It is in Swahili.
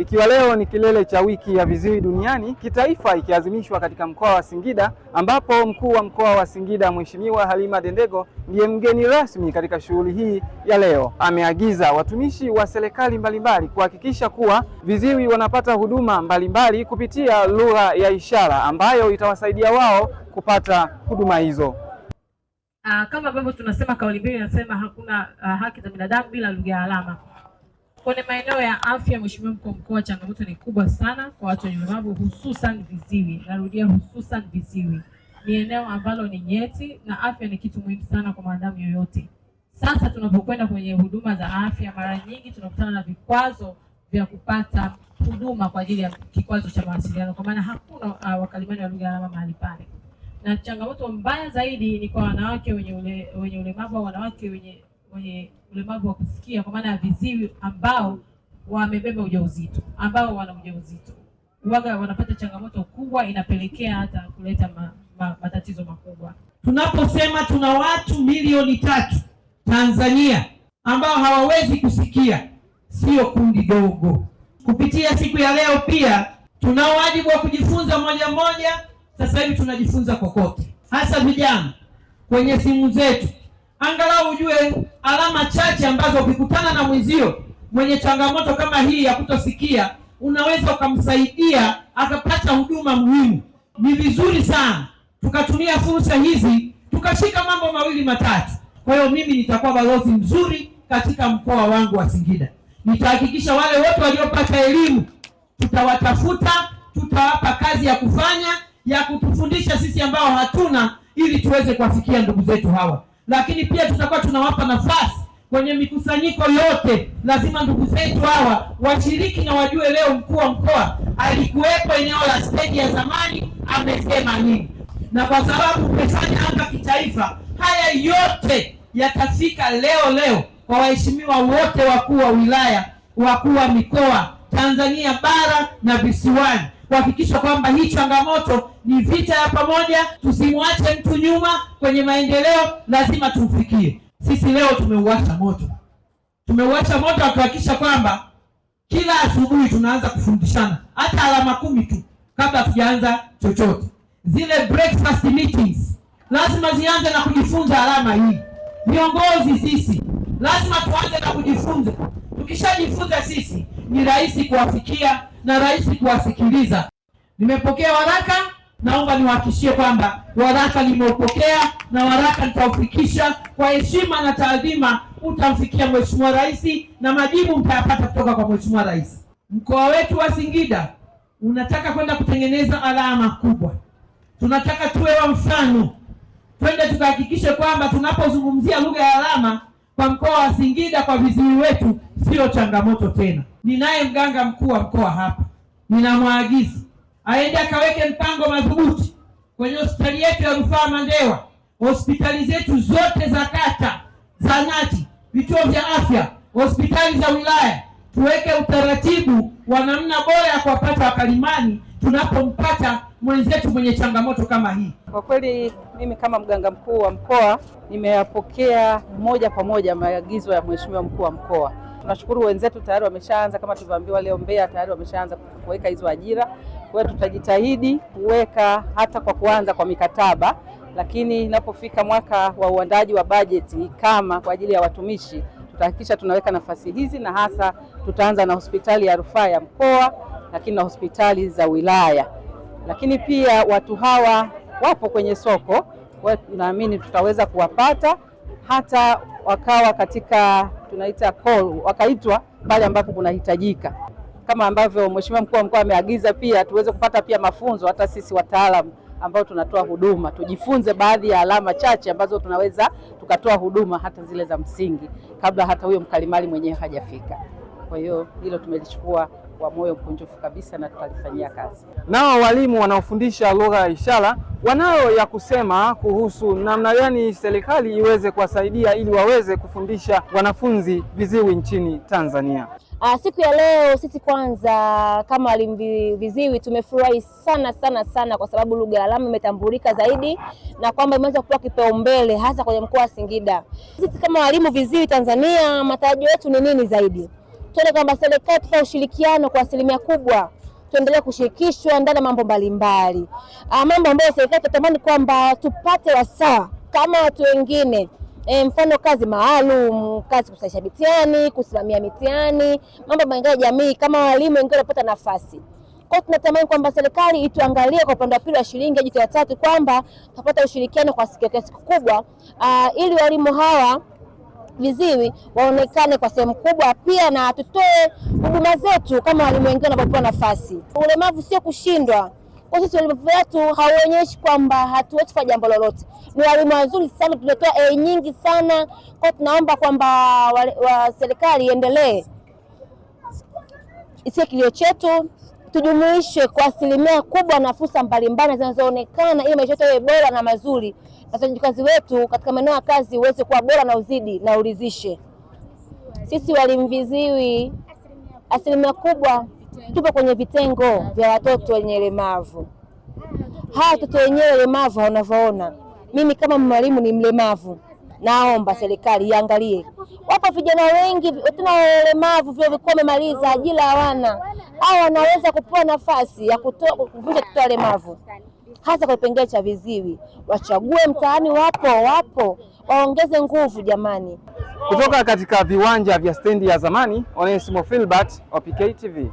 Ikiwa leo ni kilele cha wiki ya viziwi duniani kitaifa ikiazimishwa katika mkoa wa Singida, ambapo mkuu wa mkoa wa Singida Mheshimiwa Halima Dendego ndiye mgeni rasmi katika shughuli hii ya leo. Ameagiza watumishi wa serikali mbalimbali kuhakikisha kuwa viziwi wanapata huduma mbalimbali kupitia lugha ya ishara ambayo itawasaidia wao kupata huduma hizo. Aa, ah, kama ambavyo tunasema kauli mbiu inasema hakuna uh, haki za binadamu bila lugha ya alama. Kwenye maeneo ya afya, Mheshimiwa Mkuu wa Mkoa, changamoto ni kubwa sana kwa watu wenye ulemavu, hususan viziwi. Narudia, hususan viziwi ni eneo ambalo ni nyeti na afya ni kitu muhimu sana kwa mwanadamu yoyote. Sasa tunapokwenda kwenye huduma za afya, mara nyingi tunakutana na vikwazo vya kupata huduma kwa ajili ya kikwazo cha mawasiliano, kwa maana hakuna uh, wakalimani wa lugha ya alama mahali pale, na changamoto mbaya zaidi ni kwa wanawake wenye ule, wenye ulemavu au wanawake wenye wenye ulemavu wa kusikia kwa maana ya viziwi ambao wamebeba ujauzito, ambao wana ujauzito waga wanapata changamoto kubwa, inapelekea hata kuleta ma, ma, matatizo makubwa. Tunaposema tuna watu milioni tatu Tanzania ambao hawawezi kusikia, sio kundi dogo. Kupitia siku ya leo pia tuna wajibu wa kujifunza moja moja. Sasa hivi tunajifunza kokote, hasa vijana, kwenye simu zetu, angalau ujue alama chache ambazo ukikutana na mwenzio mwenye changamoto kama hii ya kutosikia unaweza ukamsaidia akapata huduma muhimu. Ni vizuri sana tukatumia fursa hizi tukashika mambo mawili matatu. Kwa hiyo mimi nitakuwa balozi mzuri katika mkoa wangu wa Singida. Nitahakikisha wale wote waliopata elimu tutawatafuta, tutawapa kazi ya kufanya ya kutufundisha sisi ambao hatuna, ili tuweze kuwafikia ndugu zetu hawa lakini pia tutakuwa tunawapa nafasi kwenye mikusanyiko yote. Lazima ndugu zetu hawa washiriki na wajue leo mkuu wa mkoa alikuwepo eneo la stendi ya zamani, amesema nini, na kwa sababu umefanya anga kitaifa, haya yote yatafika leo leo kwa waheshimiwa wote wakuu wa wilaya, wakuu wa mikoa Tanzania bara na visiwani kuhakikisha kwamba hii changamoto ni vita ya pamoja. Tusimwache mtu nyuma kwenye maendeleo, lazima tumfikie. Sisi leo tumeuacha moto, tumeuacha moto kuhakikisha kwamba kila asubuhi tunaanza kufundishana hata alama kumi tu kabla hatujaanza chochote. Zile breakfast meetings lazima zianze na kujifunza alama hii. Viongozi sisi lazima tuanze na kujifunza. Tukishajifunza sisi, ni rahisi kuwafikia na rais kuwasikiliza. Nimepokea waraka, naomba niwahakishie kwamba waraka nimeupokea na waraka nitaufikisha kwa heshima na taadhima, utamfikia mheshimiwa rais na majibu mtayapata kutoka kwa mheshimiwa rais. Mkoa wetu wa Singida unataka kwenda kutengeneza alama kubwa, tunataka tuwe wa mfano, twende tukahakikishe kwamba tunapozungumzia lugha ya alama kwa mkoa wa Singida, kwa viziwi wetu, sio changamoto tena ninaye mganga mkuu wa mkoa hapa, ninamwaagiza aende akaweke mpango madhubuti kwenye hospitali yetu ya rufaa Mandewa, hospitali zetu zote za kata, zahanati, vituo vya afya, hospitali za wilaya, tuweke utaratibu wa namna bora ya kuwapata wakalimani tunapompata mwenzetu mwenye changamoto kama hii. Kwa kweli mimi kama mganga mkuu wa mkoa nimeyapokea moja kwa moja maagizo ya mheshimiwa mkuu wa mkoa Tunashukuru wenzetu tayari wameshaanza, kama tulivyoambiwa leo Mbeya tayari wameshaanza kuweka hizo ajira. Kwa hiyo tutajitahidi kuweka hata kwa kuanza kwa mikataba, lakini inapofika mwaka wa uandaji wa bajeti kama kwa ajili ya watumishi, tutahakikisha tunaweka nafasi hizi, na hasa tutaanza na hospitali ya rufaa ya mkoa, lakini na hospitali za wilaya, lakini pia watu hawa wapo kwenye soko, naamini tutaweza kuwapata hata wakawa katika tunaita call, wakaitwa pale ambapo kunahitajika, kama ambavyo Mheshimiwa mkuu wa mkoa ameagiza pia tuweze kupata pia mafunzo, hata sisi wataalamu ambao tunatoa huduma tujifunze baadhi ya alama chache ambazo tunaweza tukatoa huduma hata zile za msingi kabla hata huyo mkalimali mwenyewe hajafika. Kwa hiyo hilo tumelichukua wa moyo mkunjufu kabisa na tutalifanyia kazi. Nao walimu wanaofundisha lugha ya ishara wanayo ya kusema kuhusu namna gani serikali iweze kuwasaidia ili waweze kufundisha wanafunzi viziwi nchini Tanzania. Ah, siku ya leo sisi kwanza kama walimu viziwi tumefurahi sana sana sana, kwa sababu lugha ya alama imetambulika zaidi na kwamba imeanza kupewa kipaumbele hasa kwenye mkoa wa Singida. Sisi kama walimu viziwi Tanzania, matarajio yetu ni nini zaidi? tuone kwamba serikali tupa ushirikiano kwa asilimia kubwa, tuendelee kushirikishwa ndani ya mambo mbalimbali, ah, mambo ambayo serikali tunatamani kwamba tupate wasaa kama watu wengine E, mfano kazi maalum, kazi kusaisha mitihani, kusimamia mitihani, mambo mengine ya jamii kama walimu wengine wanapata nafasi. Kwa hiyo tunatamani kwamba serikali ituangalie kwa upande wa pili wa shilingi ya tatu kwamba tupate ushirikiano kwa kiasi kikubwa, uh, ah, ili walimu hawa viziwi waonekane kwa sehemu kubwa, pia na tutoe huduma zetu kama walimu wengine wanapopewa nafasi. Ulemavu sio kushindwa kwa sisi walimu wetu hauonyeshi kwamba hatuwezi kwa jambo lolote. Ni walimu wazuri sana, tunatoa e nyingi sana kwa, tunaomba kwamba wa serikali iendelee isikie kilio chetu tujumuishwe kwa asilimia kubwa na fursa mbalimbali zinazoonekana ili maisha yetu yawe bora na mazuri, na wafanyakazi wetu katika maeneo ya kazi uweze kuwa bora na uzidi na ulizishe. Sisi walimviziwi asilimia kubwa tupo kwenye vitengo vya watoto wenye ulemavu. Hawa watoto wenyewe ulemavu wanavyoona, mimi kama mwalimu ni mlemavu Naomba serikali iangalie, wapo vijana wengi tuna ulemavu, vile vikuwa wamemaliza ajira hawana, au wanaweza kupewa nafasi ya kuvunja kitoa lemavu hasa kwa kipengele cha viziwi. Wachague mtaani, wapo wapo, waongeze nguvu jamani. Kutoka katika viwanja vya stendi ya zamani, Onesimo Filbert, OPK TV.